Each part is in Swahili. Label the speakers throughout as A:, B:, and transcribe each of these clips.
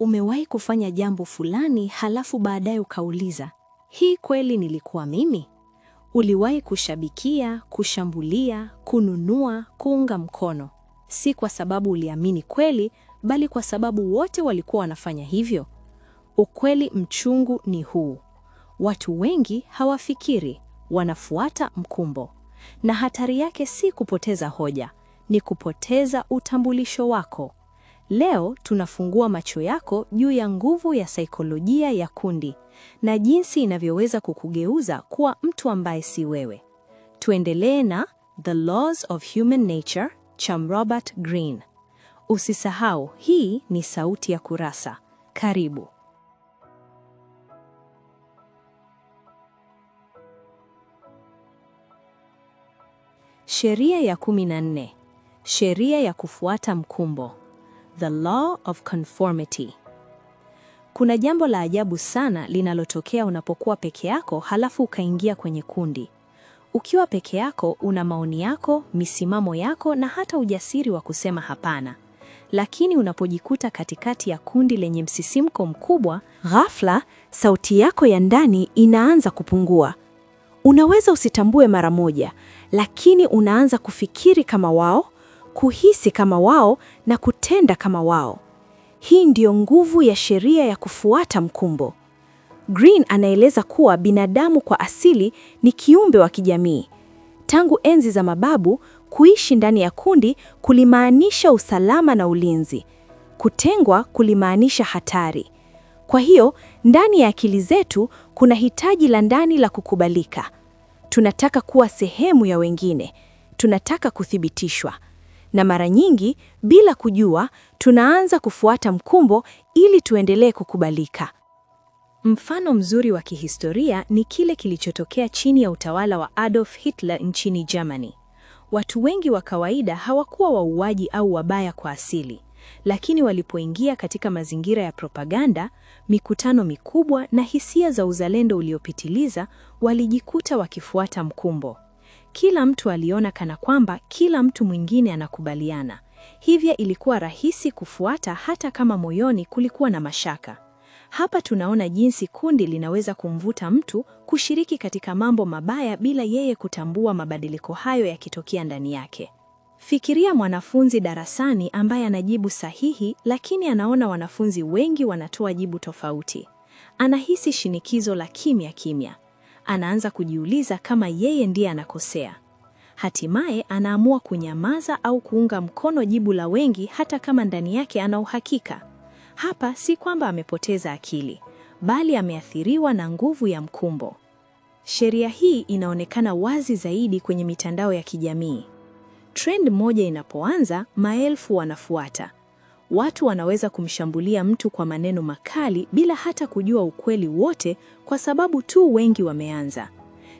A: Umewahi kufanya jambo fulani halafu baadaye ukauliza, hii kweli nilikuwa mimi? Uliwahi kushabikia, kushambulia, kununua, kuunga mkono, si kwa sababu uliamini kweli, bali kwa sababu wote walikuwa wanafanya hivyo. Ukweli mchungu ni huu: watu wengi hawafikiri, wanafuata mkumbo, na hatari yake si kupoteza hoja, ni kupoteza utambulisho wako. Leo tunafungua macho yako juu ya nguvu ya saikolojia ya kundi na jinsi inavyoweza kukugeuza kuwa mtu ambaye si wewe. Tuendelee na The Laws of Human Nature cha Robert Greene. Usisahau, hii ni Sauti ya Kurasa. Karibu.
B: Sheria ya 14. Sheria ya kufuata mkumbo. The Law of Conformity. Kuna jambo la ajabu sana linalotokea unapokuwa peke yako halafu ukaingia kwenye kundi. Ukiwa peke yako una maoni yako, misimamo yako na hata ujasiri wa kusema hapana. Lakini unapojikuta katikati ya kundi lenye msisimko mkubwa, ghafla sauti yako ya ndani inaanza kupungua. Unaweza usitambue mara moja, lakini unaanza kufikiri kama wao, kuhisi kama wao na kutenda kama wao. Hii ndiyo nguvu ya sheria ya kufuata mkumbo. Green anaeleza kuwa binadamu kwa asili ni kiumbe wa kijamii. Tangu enzi za mababu, kuishi ndani ya kundi kulimaanisha usalama na ulinzi. Kutengwa kulimaanisha hatari. Kwa hiyo, ndani ya akili zetu kuna hitaji la ndani la kukubalika. Tunataka kuwa sehemu ya wengine. Tunataka kuthibitishwa na mara nyingi bila kujua tunaanza kufuata mkumbo ili tuendelee kukubalika. Mfano mzuri wa kihistoria ni kile kilichotokea chini ya utawala wa Adolf Hitler nchini Germany. Watu wengi wa kawaida hawakuwa wauaji au wabaya kwa asili, lakini walipoingia katika mazingira ya propaganda, mikutano mikubwa na hisia za uzalendo uliopitiliza, walijikuta wakifuata mkumbo. Kila mtu aliona kana kwamba kila mtu mwingine anakubaliana. Hivyo ilikuwa rahisi kufuata hata kama moyoni kulikuwa na mashaka. Hapa tunaona jinsi kundi linaweza kumvuta mtu kushiriki katika mambo mabaya bila yeye kutambua mabadiliko hayo yakitokea ndani yake. Fikiria mwanafunzi darasani ambaye anajibu sahihi lakini anaona wanafunzi wengi wanatoa jibu tofauti. Anahisi shinikizo la kimya kimya anaanza kujiuliza kama yeye ndiye anakosea. Hatimaye anaamua kunyamaza au kuunga mkono jibu la wengi, hata kama ndani yake ana uhakika. Hapa si kwamba amepoteza akili, bali ameathiriwa na nguvu ya mkumbo. Sheria hii inaonekana wazi zaidi kwenye mitandao ya kijamii. Trend moja inapoanza, maelfu wanafuata, Watu wanaweza kumshambulia mtu kwa maneno makali bila hata kujua ukweli wote, kwa sababu tu wengi wameanza.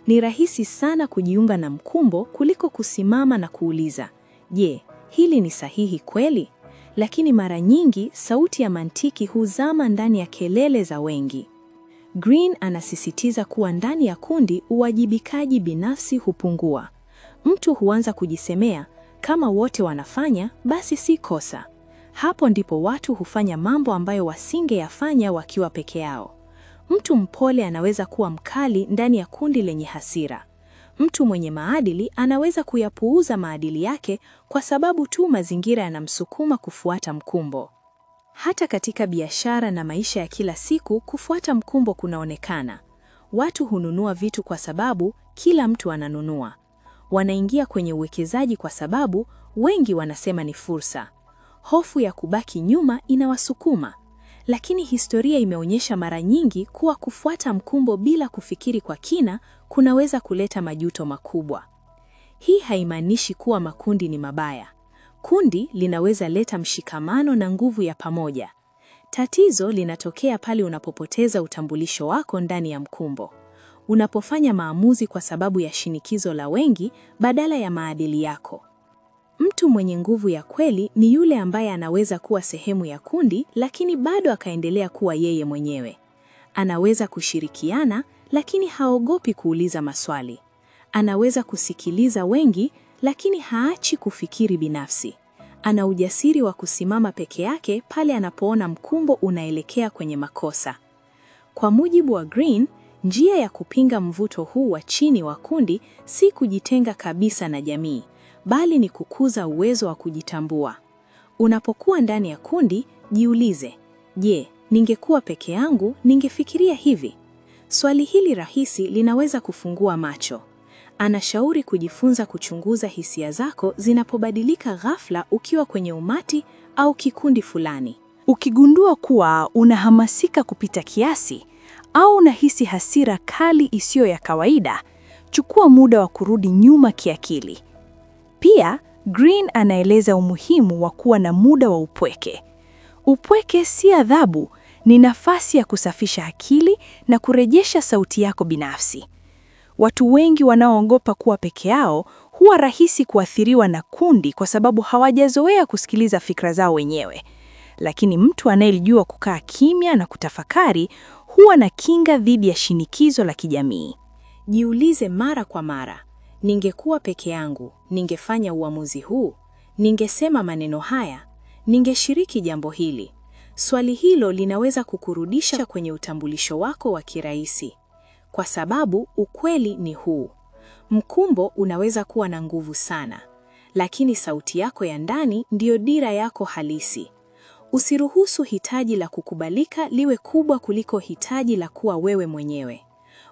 B: Ni rahisi sana kujiunga na mkumbo kuliko kusimama na kuuliza, je, hili ni sahihi kweli? Lakini mara nyingi sauti ya mantiki huzama ndani ya kelele za wengi. Green anasisitiza kuwa ndani ya kundi uwajibikaji binafsi hupungua. Mtu huanza kujisemea, kama wote wanafanya basi si kosa. Hapo ndipo watu hufanya mambo ambayo wasingeyafanya wakiwa peke yao. Mtu mpole anaweza kuwa mkali ndani ya kundi lenye hasira. Mtu mwenye maadili anaweza kuyapuuza maadili yake kwa sababu tu mazingira yanamsukuma kufuata mkumbo. Hata katika biashara na maisha ya kila siku, kufuata mkumbo kunaonekana. Watu hununua vitu kwa sababu kila mtu ananunua. Wanaingia kwenye uwekezaji kwa sababu wengi wanasema ni fursa. Hofu ya kubaki nyuma inawasukuma, lakini historia imeonyesha mara nyingi kuwa kufuata mkumbo bila kufikiri kwa kina kunaweza kuleta majuto makubwa. Hii haimaanishi kuwa makundi ni mabaya. Kundi linaweza leta mshikamano na nguvu ya pamoja. Tatizo linatokea pale unapopoteza utambulisho wako ndani ya mkumbo, unapofanya maamuzi kwa sababu ya shinikizo la wengi badala ya maadili yako. Mtu mwenye nguvu ya kweli ni yule ambaye anaweza kuwa sehemu ya kundi lakini bado akaendelea kuwa yeye mwenyewe. Anaweza kushirikiana lakini haogopi kuuliza maswali. Anaweza kusikiliza wengi lakini haachi kufikiri binafsi. Ana ujasiri wa kusimama peke yake pale anapoona mkumbo unaelekea kwenye makosa. Kwa mujibu wa Green, njia ya kupinga mvuto huu wa chini wa kundi si kujitenga kabisa na jamii bali ni kukuza uwezo wa kujitambua. Unapokuwa ndani ya kundi, jiulize, je, ningekuwa peke yangu ningefikiria hivi? Swali hili rahisi linaweza kufungua macho. Anashauri kujifunza kuchunguza hisia zako zinapobadilika ghafla ukiwa kwenye umati au kikundi fulani.
C: Ukigundua kuwa unahamasika kupita kiasi au unahisi hasira kali isiyo ya kawaida, chukua muda wa kurudi nyuma kiakili. Pia Green anaeleza umuhimu wa kuwa na muda wa upweke. Upweke si adhabu, ni nafasi ya kusafisha akili na kurejesha sauti yako binafsi. Watu wengi wanaoogopa kuwa peke yao huwa rahisi kuathiriwa na kundi kwa sababu hawajazoea kusikiliza fikra zao wenyewe. Lakini mtu anayejua kukaa kimya na kutafakari huwa na kinga dhidi ya shinikizo la kijamii.
D: Jiulize mara kwa mara, ningekuwa peke yangu, ningefanya uamuzi huu? Ningesema maneno haya? Ningeshiriki jambo hili? Swali hilo linaweza kukurudisha kwenye utambulisho wako wa kirahisi, kwa sababu ukweli ni huu: mkumbo unaweza kuwa na nguvu sana, lakini sauti yako ya ndani ndiyo dira yako halisi. Usiruhusu hitaji la kukubalika liwe kubwa kuliko hitaji la kuwa wewe mwenyewe.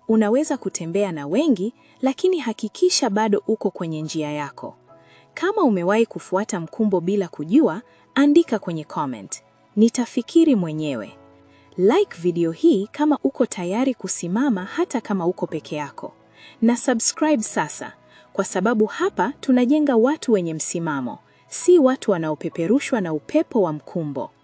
D: Unaweza kutembea na wengi, lakini hakikisha bado uko kwenye njia yako. Kama umewahi kufuata mkumbo bila kujua, andika kwenye comment. Nitafikiri mwenyewe. Like video hii kama uko tayari kusimama hata kama uko peke yako. Na subscribe sasa, kwa sababu hapa tunajenga watu wenye msimamo, si watu wanaopeperushwa na upepo wa mkumbo.